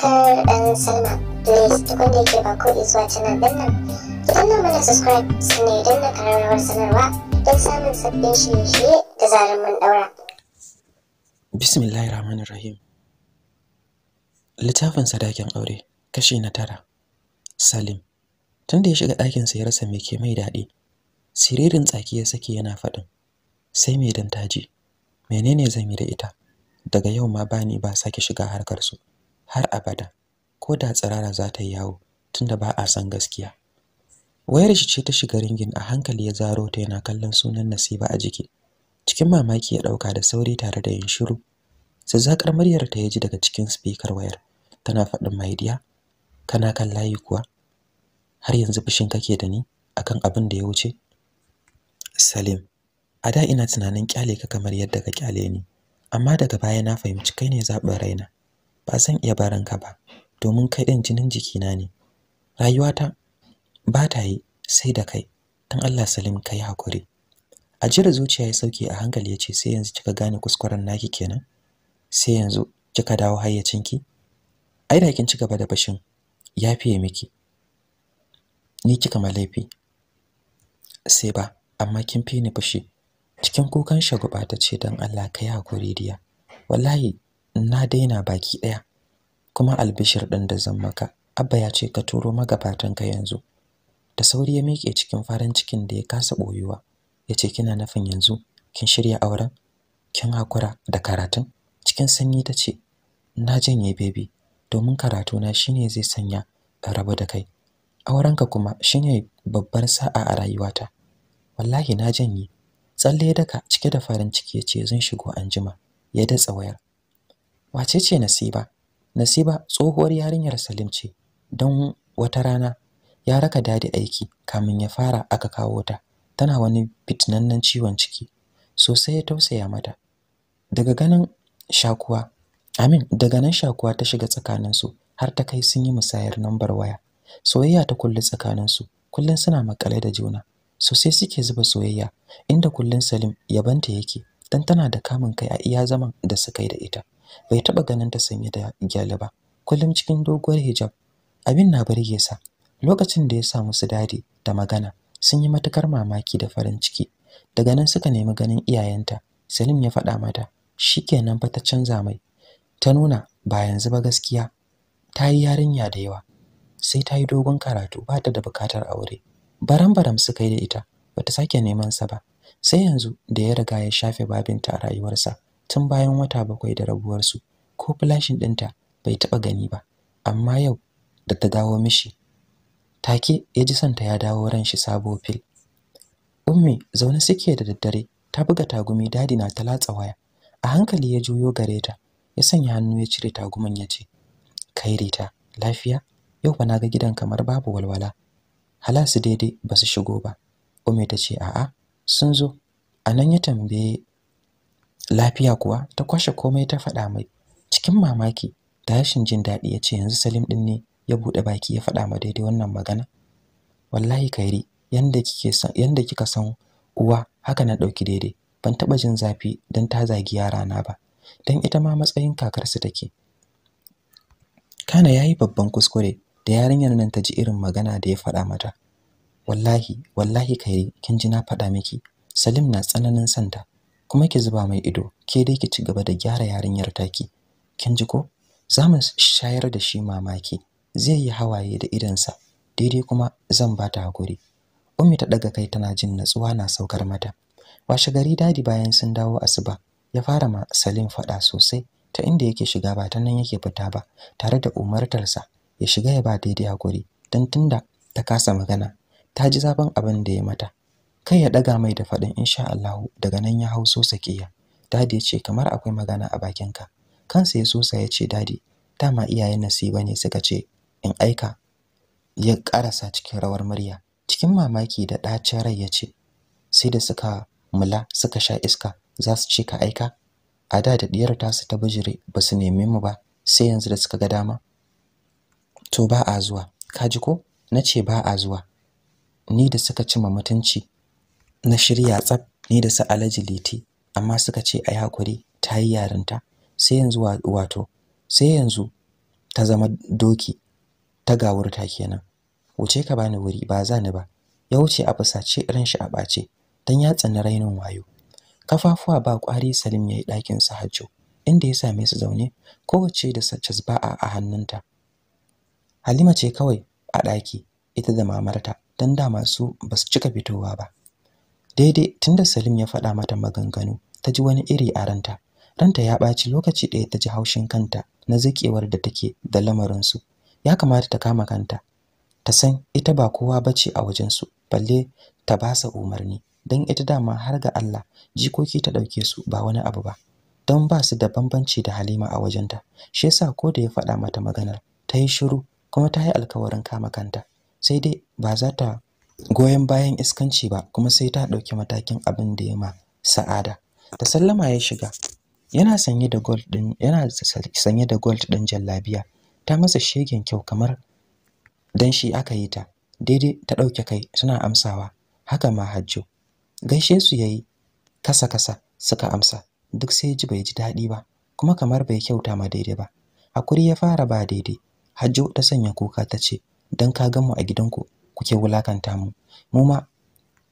subscribe and sign up. Please tukunde ke ba ko zuwa canal din nan. Ki danna mana subscribe sannan idan na karar sanarwa don samun sabbin shirye-shirye da zarar mun daura. Bismillahir Rahmanir Rahim. Littafin sadakin aure kashi na tara. Salim. Tunda ya shiga ɗakin sa ya rasa me ke mai daɗi. Siririn tsaki ya saki yana faɗin. Sai me dan taji. Menene zan yi da ita? Daga yau ma bani ba sake shiga harkar su. har abada ko da tsirara za ta yi yawo tunda ba a san gaskiya wayar shi ce ta shiga ringin a hankali ya zaro ta yana kallon sunan Nasiba a jiki cikin mamaki ya dauka da sauri tare da yin shiru zakar muryar ta ji daga cikin speaker wayar tana faɗin maidiya kana kan layi kuwa har yanzu fushin kake da ni akan abin da ya wuce Salim a da ina tunanin kyale ka kamar yadda ka kyale ni amma daga baya na fahimci kai ne zaɓin raina ba zan iya barin ka ba domin kai din jinin jikina ne rayuwata ba ta yi sai da kai dan Allah Salim kai hakuri a jira zuciya ya sauke a hankali ya ce sai yanzu kika gane kuskuren naki kenan sai yanzu kika dawo hayyacinki ai da kin ci gaba da bashin ya fiye miki ni kika ma laifi sai ba amma kin fi ni fushi cikin kukan shaguba ta ce dan Allah kai hakuri diya wallahi na daina baki ɗaya. kuma albishir ɗin da zan maka abba ya ce ka turo magabatan ka yanzu da sauri ya miƙe cikin farin cikin da ya kasa boyuwa ya ce kina nufin yanzu kin shirya auren kin hakura da karatun cikin sanyi ta ce na janye baby domin karatu na shine zai sanya rabu da kai aurenka kuma shine babbar sa'a a rayuwata wallahi na janye tsalle daka cike da farin ciki ya ce zan shigo anjima ya datsa wayar wace ce nasiba nasiba tsohuwar yarinyar salim ce don wata rana ya raka dadi aiki kamin ya fara aka kawo ta tana wani fitinannen ciwon ciki sosai ya tausaya mata daga ganin shakuwa amin daga nan shakuwa ta shiga tsakaninsu har ta kai sun yi musayar nambar waya soyayya ta kullu tsakaninsu kullum suna makale da juna sosai suke zuba soyayya inda kullun Salim yabanta yake dan tana da kamun kai a iya zaman da suka yi da ita bai taba ganin ta sanye da gyale ba kullum cikin doguwar hijab abin na burge sa lokacin da ya samu su dade da magana sun yi matukar mamaki da farin ciki daga nan suka nemi ganin iyayenta Salim ya faɗa mata shikenan fa ta canza mai ta nuna ba yanzu ba gaskiya ta yi yarinya da yawa sai ta yi dogon karatu ba ta da bukatar aure baram baram suka yi da ita Ba ta sake neman sa ba sai yanzu da ya riga ya shafe babinta a rayuwarsa tun bayan wata bakwai da rabuwarsu ko flashin ɗinta bai taɓa gani ba amma yau da ta dawo mishi take ya ji santa ya dawo ran shi sabo fil ummi zaune suke da daddare ta buga tagumi dadi na ta latsa waya a hankali ya juyo gare ta ya sanya hannu ya cire taguman ya ce kai rita lafiya yau ba na ga gidan kamar babu walwala halasu daidai ba su shigo ba ummi ta ce a'a sun zo a nan ya tambaye lafiya kuwa ta kwashe komai ta faɗa mai cikin mamaki da rashin jin daɗi ya ce yanzu Salim ɗin ne ya buɗe baki ya faɗa ma daidai wannan magana wallahi kairi yanda kike kika san uwa haka na ɗauki daidai ban taɓa jin zafi don ta zagi yara na ba don ita ma matsayin kakarsu take kana yayi babban kuskure da yarinyar nan ta ji irin magana da ya faɗa mata wallahi wallahi kairi kin ji na faɗa miki Salim na tsananin santa kuma ki zuba mai ido ke dai ki ci gaba da gyara yarinyar taki kin ji ko za mu shayar da shi mamaki zai yi hawaye da idansa daidai kuma zan ba ta hakuri Umi ta daga kai tana jin natsuwa na saukar mata washe gari dadi bayan sun dawo asuba ya fara ma Salim fada sosai ta inda yake shiga ba ta nan yake fita ba tare da umartarsa ya shiga ya ba daidai hakuri dan tunda ta kasa magana ta ji zafin abin da ya mata kai ya daga mai da faɗin insha allahu daga nan ya hau so sakiya dadi ya ce kamar akwai magana a bakinka kansa ya sosa ya ce dadi dama iyayen nasiba ne suka ce in aika ya karasa cikin rawar murya cikin mamaki da ɗacin rai ya ce sai da suka mula suka sha iska za su ce ka aika a da da ɗiyar tasu ta bijire ba su neme mu ba sai yanzu da suka ga dama to ba a zuwa ka ji ko na ce ba a zuwa ni da suka cima mutunci na shirya tsaf ne da su Alhaji Liti amma suka ce ai hakuri ta yi yarinta sai yanzu wato sai yanzu ta zama doki ta gawurta kenan wuce ka bani wuri ba za ni ba ya wuce a fusace ran shi a bace dan ya tsani rainin wayo kafafuwa ba kwari Salim yayi ɗakin sa hajjo inda ya same su zaune kowace da saccas ba a hannunta Halima ce kawai a ɗaki ita da mamarta dan da masu basu cika fitowa ba daidai tunda Salim ya faɗa mata maganganu ta ji wani iri a ranta ranta ya ɓaci lokaci ɗaya ta ji haushin kanta na zikewar da take da lamarin su ya kamata ta kama kanta ta san ita ba kowa bace a wajensu balle ta ba basa umarni dan ita dama har ga Allah jikoki ta ɗauke su ba wani abu ba don ba su da bambanci da Halima a wajenta shi yasa ko da ya faɗa mata maganar ta yi shiru kuma ta yi alkawarin kama kanta sai dai ba za ta goyon bayan iskanci ba kuma sai ta ɗauki matakin abin da ya ma sa'ada ta sallama ya shiga yana sanye da gold din yana sanye da gold din jallabiya ta masa shegen kyau kamar dan shi aka yi ta daidai ta ɗauke kai suna amsawa haka ma hajjo gaishe su yayi kasa kasa suka amsa duk sai ji bai ji daɗi ba kuma kamar bai kyauta ma daidai ba hakuri ya fara ba daidai hajjo ta sanya kuka ta ce dan ka gamu a gidanku kuke wulakanta mu mu ma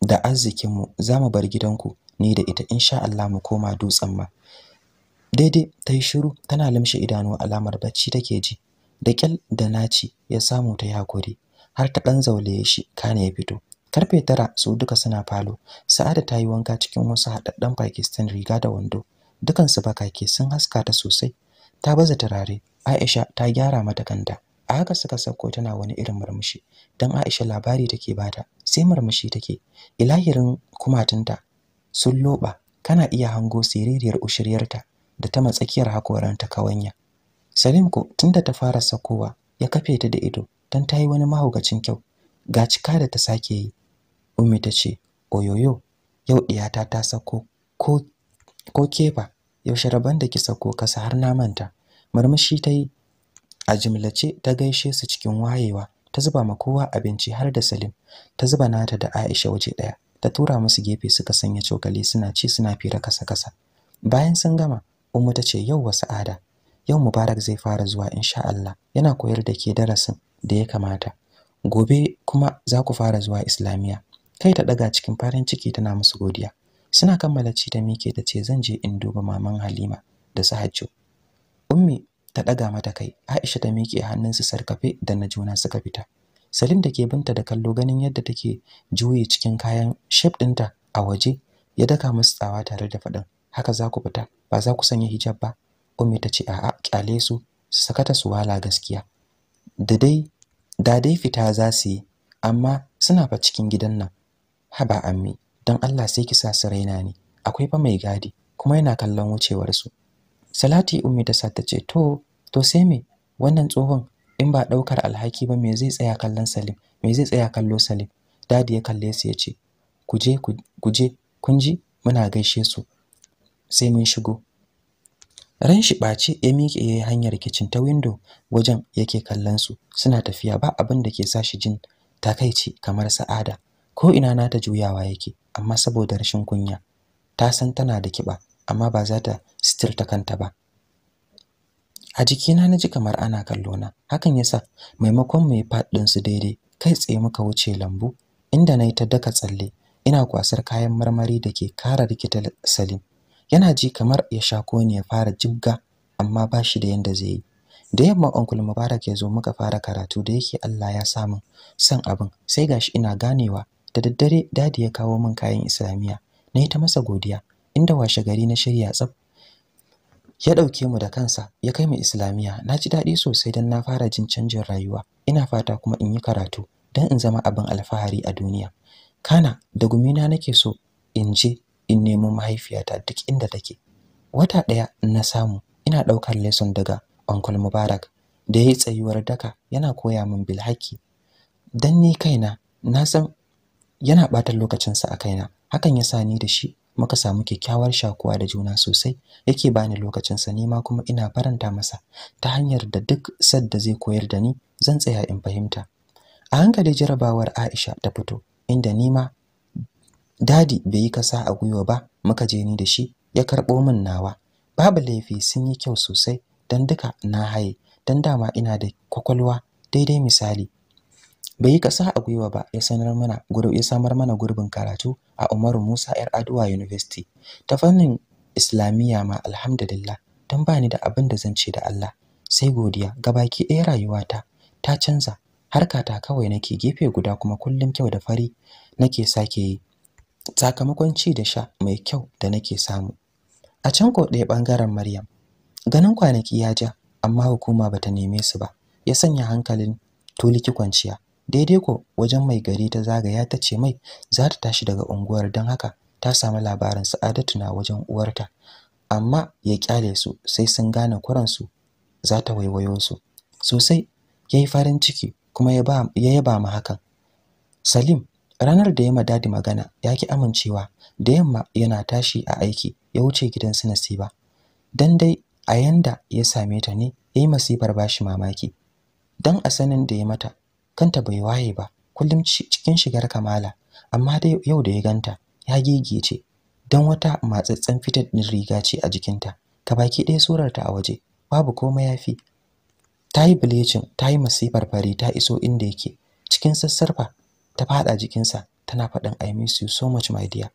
da arzikin mu zamu bar gidanku ni da ita insha Allah mu koma dutsen ma daidai ta yi shiru tana limshe idanu alamar bacci take ji da kyal da naci ya samu ta yakuri har ta dan zaulaye shi kana ya fito karfe tara su duka suna falo sa'ada ta yi wanka cikin wasu haɗaɗɗen pakistan riga da wando dukansu bakake sun haska ta sosai ta baza turare aisha ta gyara mata kanta a haka suka sauko tana wani irin murmushi dan Aisha labari take bata sai murmushi take ilahirin kumatunta sun loba kana iya hango siririyar ushiryarta da ta matsakiyar hakoranta kawanya Salim ko tunda ta fara sakowa ya kafe ta da ido dan tayi wani mahaukacin kyau ga cika da ta sake yi Ummi ta ce oyoyo yau diyata ta sako ko ko kefa yaushe rabon da ki sako kasa har na manta murmushi tayi a jimlace ta gaishe su cikin wayewa ta zuba ma kowa abinci har da Salim ta zuba nata da Aisha waje daya ta tura musu gefe suka sanya cokali suna ci suna fira kasa kasa bayan sun gama Ummu ta ce yau wa Sa'ada yau Mubarak zai fara zuwa insha Allah yana koyar da ke darasin da ya kamata gobe kuma za ku fara zuwa Islamiya kai ta daga cikin farin ciki tana musu godiya suna kammala ci ta mike ta ce zan je in duba maman Halima da su ummi ta ɗaga mata kai Aisha ta miƙe hannunsu sarkafe da na juna suka fita Salim da ke binta da kallo ganin yadda take juye cikin kayan shef ɗinta a waje ya daka musu tsawa tare da faɗin haka za ku fita ba za ku sanya hijab ba Ummi ta ce a'a kyale su su sakata su wala gaskiya da dai da dai fita za su yi amma suna fa cikin gidan nan haba ammi don Allah sai ki sa su raina ne akwai fa mai gadi kuma yana kallon wucewar su Salati Ummi ta sa ta ce to to sai me wannan tsohon in ba daukar alhaki ba me zai tsaya kallon Salim me zai tsaya kallo Salim dadi ya kalle su yace kuje Kuje, kun ji muna gaishe su sai mun shigo ran shi bace ya miƙe yayin hanyar kicin ta window wajen yake kallon su suna tafiya ba abin da ke sa shi jin takaici kamar sa'ada ko ina na ta juyawa yake amma saboda rashin kunya ta san tana da kiba amma ba za ta sitirta kanta ba a jikina na ji kamar ana kallo na hakan yasa maimakon mu yi faɗin su daidai kai tsaye muka wuce lambu inda na yi ta daka tsalle ina kwasar kayan marmari da ke kara rikita Salim yana ji kamar ya sha ne ya fara jibga amma ba shi da yanda zai yi da yamma onkul Mubarak ya zo muka fara karatu da yake Allah ya sa min san abin sai gashi ina ganewa da daddare dadi ya kawo min kayan islamiya na yi ta masa godiya inda washe gari na shirya tsaf ya ɗauke mu da kansa ya kai mu islamiyya. na ji daɗi sosai don na fara jin canjin rayuwa ina fata kuma in yi karatu don in zama abin alfahari a duniya kana da gumina nake so in je in nemo mahaifiyata duk inda take wata ɗaya na samu ina ɗaukar lesson daga Uncle Mubarak da ya yi tsayuwar daka yana koya min bilhaki dan ni kaina na san yana ɓata lokacinsa a kaina hakan ya sa ni da shi muka samu kyakkyawar shakuwa da juna sosai yake bani lokacinsa nima kuma ina faranta masa ta hanyar da duk sadda zai koyar da ni zan tsaya in fahimta a hankali jarabawar Aisha ta fito inda nima dadi bai yi kasa a gwiwa ba muka je ni da shi ya karɓo min nawa babu laifi sun yi kyau sosai dan duka na haye dan dama ina da kwakwalwa daidai misali bai yi kasa a gwiwa ba ya sanar mana gurbi ya samar mana gurbin karatu a Umaru Musa Yar Aduwa University ta fannin Islamiyya ma alhamdulillah dan bani da abin da zan ce da Allah sai godiya gabaki ɗaya rayuwata ta canza harkata kawai nake gefe guda kuma kullum kyau da fari nake sake yi sakamakon ci da sha mai kyau da nake samu a can ko ɗaya ɓangaren Maryam ganin kwanaki ya ja amma hukuma bata neme su ba ya sanya hankalin tuliki kwanciya daidai ko wajen mai gari ta zagaya ta ce mai za ta tashi daga unguwar don haka ta samu labarin sa'adatu na wajen uwarta amma ya kyale su sai sun gane kuransu za ta waiwayo su sosai ya yi farin ciki kuma ya yaba ma hakan salim ranar da ya ma dadi magana ya ki amincewa da yamma yana tashi a aiki ya wuce gidan su nasiba dan dai a yanda ya same ta ne ya yi masifar bashi mamaki dan a sanin da ya mata kanta bai waye ba kullum cikin shigar kamala amma dai yau da ya ganta ya gigice don wata matsatsen fitar din riga ce a jikinta ka baki ɗaya surarta a waje babu komai ya fi. ta yi bilicin ta yi masifar fari ta iso inda yake cikin sassarfa ta faɗa jikinsa tana faɗin I miss you so much my dear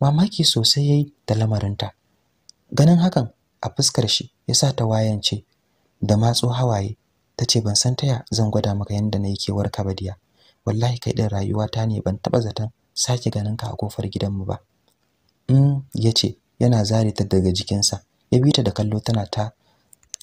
mamaki sosai ya yi da lamarinta ganin hakan a fuskar shi ya sa ta wayance da matso hawaye tace ban san taya zan gwada maka yanda yi kewar ka badiya wallahi kai din rayuwata ne ban taba zaton sake ganin ka a kofar gidanmu ba mm ce yana zare ta daga jikinsa ya bi ta da kallo tana ta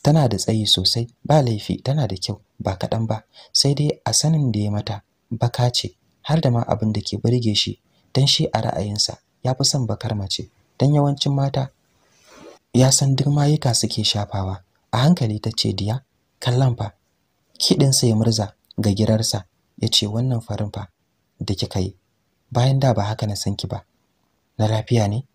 tana da tsayi sosai ba laifi tana da kyau ba kaɗan ba sai dai a sanin da ya mata baka ce har da ma abin da ke burge shi dan shi a ra'ayinsa ya fi son bakar mace dan yawancin mata ya san duk mayuka suke shafawa a hankali ta ce diya kallon fa kiɗinsa ya murza ga girarsa ya ce wannan farin fa da kika yi bayan da ba haka na san ki ba na lafiya ne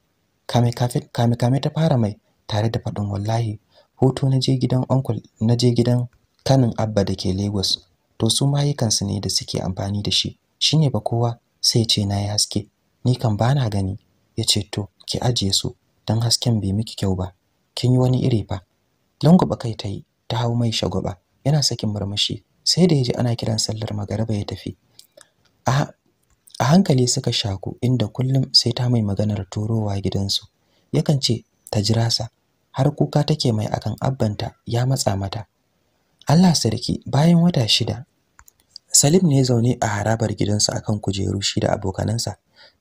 kame kame kame ta fara mai tare da faɗin wallahi hoto na je gidan uncle na je gidan kanin abba da ke Lagos to su mayukansu ne da suke amfani da shi shine ba kowa sai ce na yi haske ni kan bana gani ya ce to ki ajiye su don hasken bai miki kyau ba kin yi wani iri fa ba kai ta yi ta hau mai shagwaba yana sakin murmushi sai da ya ji ana kiran sallar magaraba ya tafi a a hankali suka shaku inda kullum sai ta mai maganar turowa gidansu yakan ce ta jira sa har kuka take mai akan abbanta ya matsa mata Allah sarki bayan wata shida Salim ne zaune a harabar gidansu akan kujeru shi da abokanansa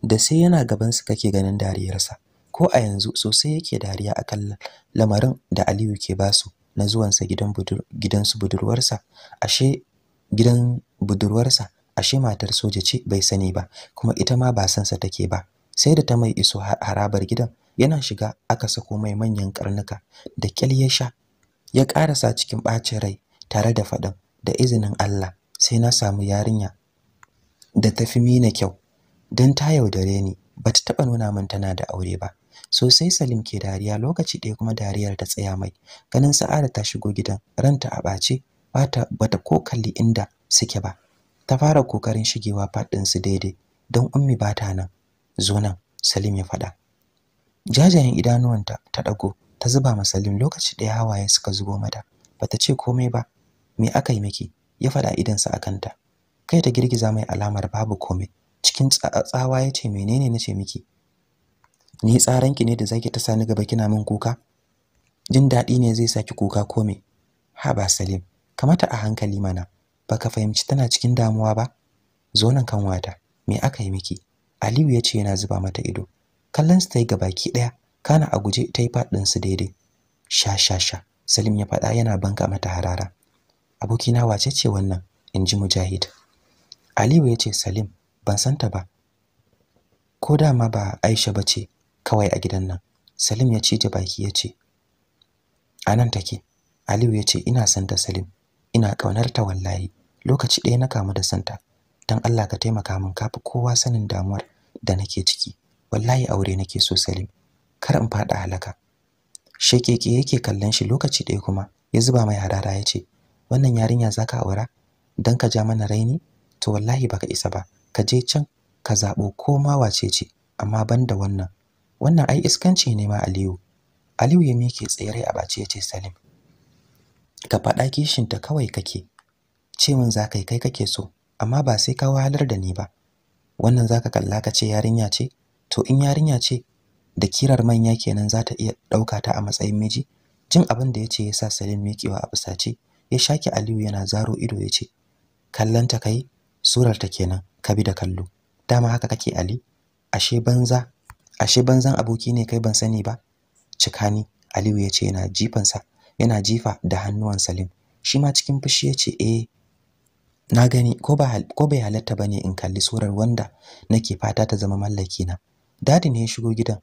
da sai yana gaban su kake ganin dariyarsa ko a yanzu sosai yake dariya akan lamarin da Aliyu ke basu na zuwansa gidan gidansu budurwarsa ashe gidan budurwarsa ashe matar soja ce bai sani ba kuma ita ma ba sansa take ba sai da ta mai iso harabar gidan yana shiga aka sako mai manyan karnuka da kyal ya sha ya karasa cikin bacin rai tare da faɗin da izinin Allah sai na samu yarinya da tafi mina kyau don ta yaudare ni bata taɓa nuna min tana da aure ba sosai Salim ke dariya lokaci ɗaya kuma dariyar ta tsaya mai ganin Sa'ada ta shigo gidan ranta a ɓace bata bata ko kalli inda suke ba ta fara kokarin shigewa faɗin su daidai don ummi bata nan zo nan Salim ya faɗa jajayen idanuwanta ta ɗago ta zuba ma Salim lokaci ɗaya hawaye suka zubo mata bata ce komai ba me aka yi miki ya faɗa idansa a kanta kai ta girgiza mai alamar babu komai cikin tsawa ya ce menene na ce miki ni tsaranki ne da zaki ta sani gaba kina min kuka jin dadi ne zai saki kuka ko me haba salim kamata a hankali mana baka fahimci tana cikin damuwa ba zo nan kan wata me aka yi miki aliyu ya ce yana zuba mata ido kallon su ta yi gabaki ɗaya kana a guje ta yi faɗin su daidai sha sha sha salim ya faɗa yana banka mata harara abokina wace ce wannan Inji mujahid aliyu ya ce salim ban santa ba ko dama ba aisha ba ce kawai a gidan nan Salim ya cije baki ya ce A anan take Aliyu ya ce ina santa Salim ina kaunar ta wallahi lokaci ɗaya na kamu da santa don Allah ka taimaka min kafi kowa sanin damuwar da nake ciki wallahi aure nake so Salim kar in fada halaka shekeke yake kallon shi lokaci ɗaya kuma ya zuba mai harara ya ce wannan yarinya za ka aura Don ka ja mana raini to wallahi baka isa ba ka je can ka zaɓo ko ma wace ce amma banda wannan wannan ai iskanci ne ma Aliyu Aliyu ya mike tsere a bace yace Salim ka faɗa kishin ta kawai kake ce min za kai kai kake so amma ba sai ka wahalar da ni ba wannan zaka kalla ka ce yarinya ce to in yarinya ce da kirar manya kenan za ta iya ɗauka ta a matsayin miji jin abin da yace sa Salim mikewa a fusace ya shaki Aliyu yana zaro ido ya yace kallanta kai surar ta kenan ka bi da kallo dama haka kake Ali ashe banza ashe banzan aboki ne kai ban sani ba cikani Aliyu ya ce yana jifansa yana jifa da hannuwan Salim shi ma cikin fushi ya ce eh na gani ko ba ko bai halatta bane in kalli surar wanda nake fata ta zama mallaki na dadi ne ya shigo gidan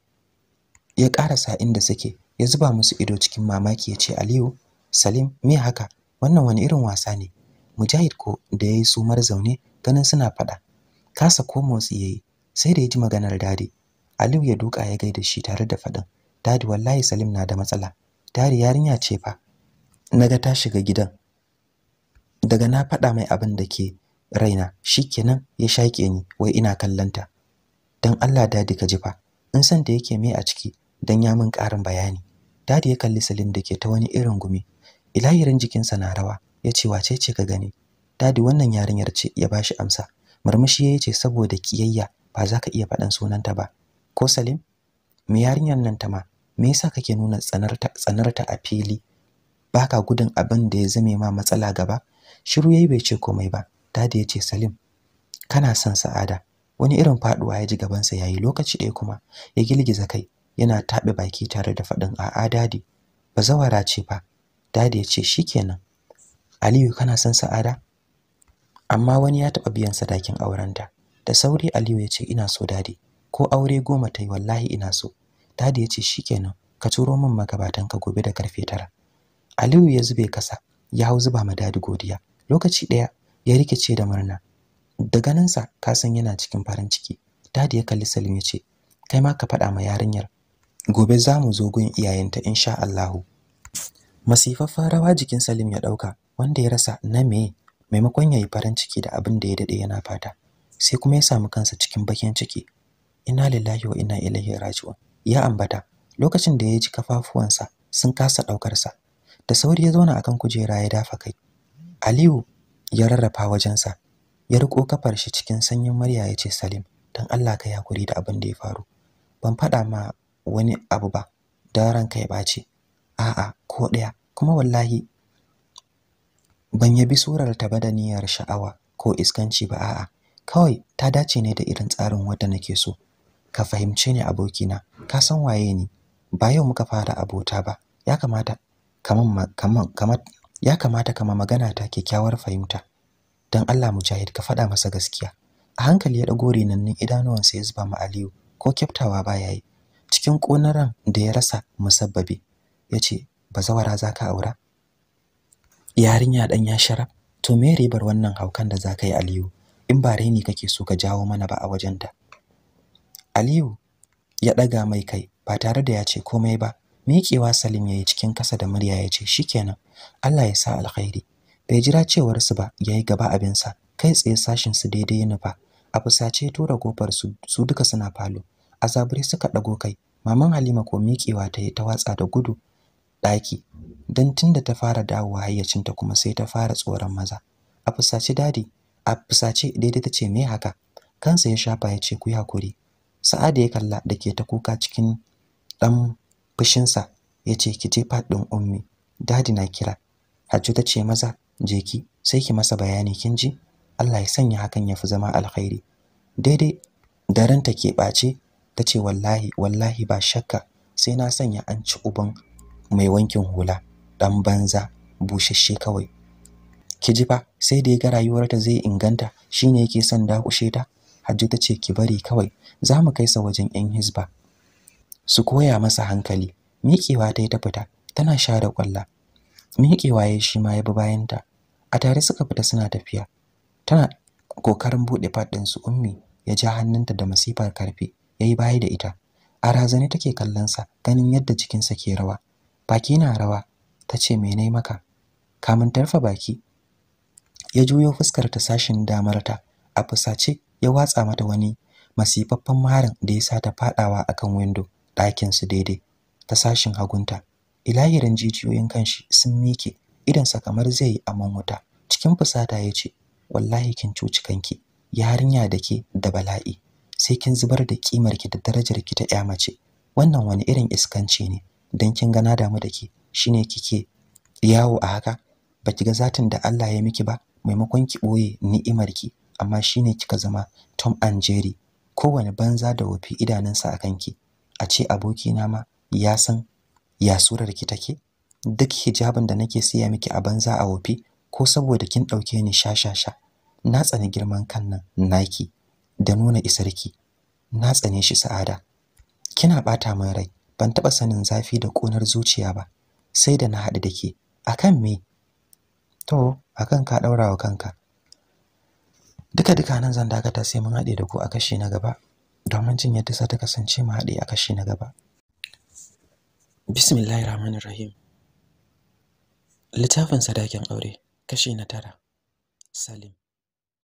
ya karasa inda suke ya zuba musu ido cikin mamaki ya ce Aliyu Salim me haka wannan wani irin wasa ne Mujahid ko da yayi sumar zaune ganin suna faɗa. kasa ko motsi yayi sai da ya ji maganar dadi Aliyu ya duka ya gaida shi tare da faɗin dadi wallahi Salim na da matsala dadi yarinya ce fa naga ta shiga gidan daga na faɗa mai abin da ke raina shikenan ya shake ni wai ina kallanta dan Allah dadi ka ji fa in san da yake me a ciki dan ya min ƙarin bayani dadi ya kalli Salim da ke ta wani irin gumi ilahirin jikinsa na rawa ya ce wace ce ka gani dadi wannan yarinyar ce ya bashi amsa murmushi ya ce saboda kiyayya ba za ka iya faɗan sunanta ba ko Salim me yarinyar nan ta ma me yasa kake nuna tsanarta tsanarta a fili baka gudun abin da ya zame ma matsala gaba shiru yayi bai ce komai ba dadi ya ce Salim kana son sa'ada wani irin faduwa ya ji gabansa yayi lokaci ɗaya kuma ya girgiza kai yana taɓe baki tare da faɗin a'a dadi Ba zawara ce fa dadi ya ce kenan. Aliyu kana son sa'ada amma wani ya taɓa biyan sadakin aurenta da sauri Aliyu ya ce ina so dadi ko aure goma tai wallahi ina so dadi ya ce shi shikenan ka turo min magabatan ka gobe da karfe tara Aliyu ya zube kasa ya hau zuba ma dadi godiya lokaci daya ya rikice da murna da ganinsa ka san yana cikin farin ciki dadi ya kalli Salim ya ce kai ma ka faɗa ma yarinyar gobe za mu zo gun iyayenta insha Allahu masifaffan rawa jikin Salim ya dauka wanda ya rasa na me maimakon yayi farin ciki da abin da ya dade yana fata sai kuma ya samu kansa cikin bakin ciki Ina lillahi wa ina ilaihi raji'un ya ambata lokacin da ya ji kafafuwansa sun kasa daukar sa da sauri ya zauna akan kujera ya dafa kai Aliyu ya rarrafa wajen sa ya riko kafar shi cikin sanyin murya ya ce Salim dan Allah ka hakuri da abin da ya faru ban fada ma wani abu ba dan ranka ya bace a'a ko daya kuma wallahi ban yabi surar ta ba da niyyar sha'awa ko iskanci ba a'a kawai ta dace ne da irin tsarin wanda nake so ka fahimce ni abokina ka san waye ni ba yau muka fara abota ba ya kamata kaman kaman ya kamata kama magana ta kyakkyawar fahimta dan Allah mu jahid ka faɗa masa gaskiya a hankali ya dago rinannin idanuwansa ya zuba mu Aliyu ko kyaftawa ba yayi cikin konaran da ya rasa musabbabi yace bazawara zaka aura yarinya dan ya sharaf to me ribar wannan haukan da zaka yi Aliyu in ba raini kake so ka jawo mana ba a wajenta Aliyu ya ɗaga mai kai ba tare da ya ce komai ba. Miƙewa Salim ya yi cikin kasa da murya ya ce shi kenan. Allah ya sa alkhairi. Bai jira cewar su ba ya yi gaba abinsa kai tsaye sashin su daidai ya ba. A fusace tura kofar su duka suna falo. A zabure suka ɗago kai. Maman Halima ko miƙewa ta yi ta watsa da gudu ɗaki don tunda ta fara dawowa hayyacinta kuma sai ta fara tsoron maza. A fusace dadi a fusace daidai ta ce me haka? Kansa ya shafa ya ce ku yi hakuri. Sa'ada ya kalla da ke ta kuka cikin ɗan fushinsa ya ce ki je faɗin ummi dadi na kira Hajju ta ce maza je ki sai ki masa bayani kin ji Allah ya sanya hakan ya fi zama alkhairi daidai daren ta ke ɓace ta ce wallahi wallahi ba shakka sai na sanya an ci uban mai wankin hula ɗan banza bushashe kawai ki ji fa sai da ya ga rayuwarta zai inganta shine yake son dakushe ta Hajju ta ce ki bari kawai za mu kai sa wajen 'yan hisba. Su koya masa hankali. Miƙewa ta yi ta fita tana sha da ƙwalla Miƙewa ya shi ma ya bi bayanta. A tare suka fita suna tafiya. Tana kokarin buɗe faɗinsu, ummi ya ja hannunta da masifar karfe yi bayi da ita. A razane take kallon sa ganin yadda jikinsa ke rawa. Baki na rawa ta ce me nayi maka? Kamun tarfa baki ya juyo fuskar ta sashin damarta a fusace ya watsa mata wani masifaffen marin da ya sa ta fadawa akan windo ɗakin su daidai ta sashin hagunta ilahirin jijiyoyin kanshi sun mike sa kamar zai yi aman wuta cikin fusata ya ce wallahi kin cuci kanki yarinya da ke da bala'i sai kin zubar da kimar ki da darajar ki ta ya mace wannan wani irin iskanci ne dan kin ga na damu da ke shine kike yawo a haka baki ga zatin da Allah ya miki ba maimakon ki boye ni'imar ki amma shine kika zama Tom and Jerry kowane banza da wofi idanunsa a kanki a ce abokina ma ya san ya surar ki take duk hijabin da nake siya miki a banza a wofi ko saboda kin dauke ni shashasha na tsani girman kan nan naki da nuna isarki na tsane shi sa'ada kina bata min rai ban taba sanin zafi da konar zuciya ba sai da na haɗu da ke akan me to akan ka daura wa kanka duka duka nan zan dakata sai mun haɗe da ku a kashi na gaba domin jin yadda za ta kasance mu haɗe a kashi na gaba bismillahirrahmanirrahim rahim littafin sadakin aure kashi na tara salim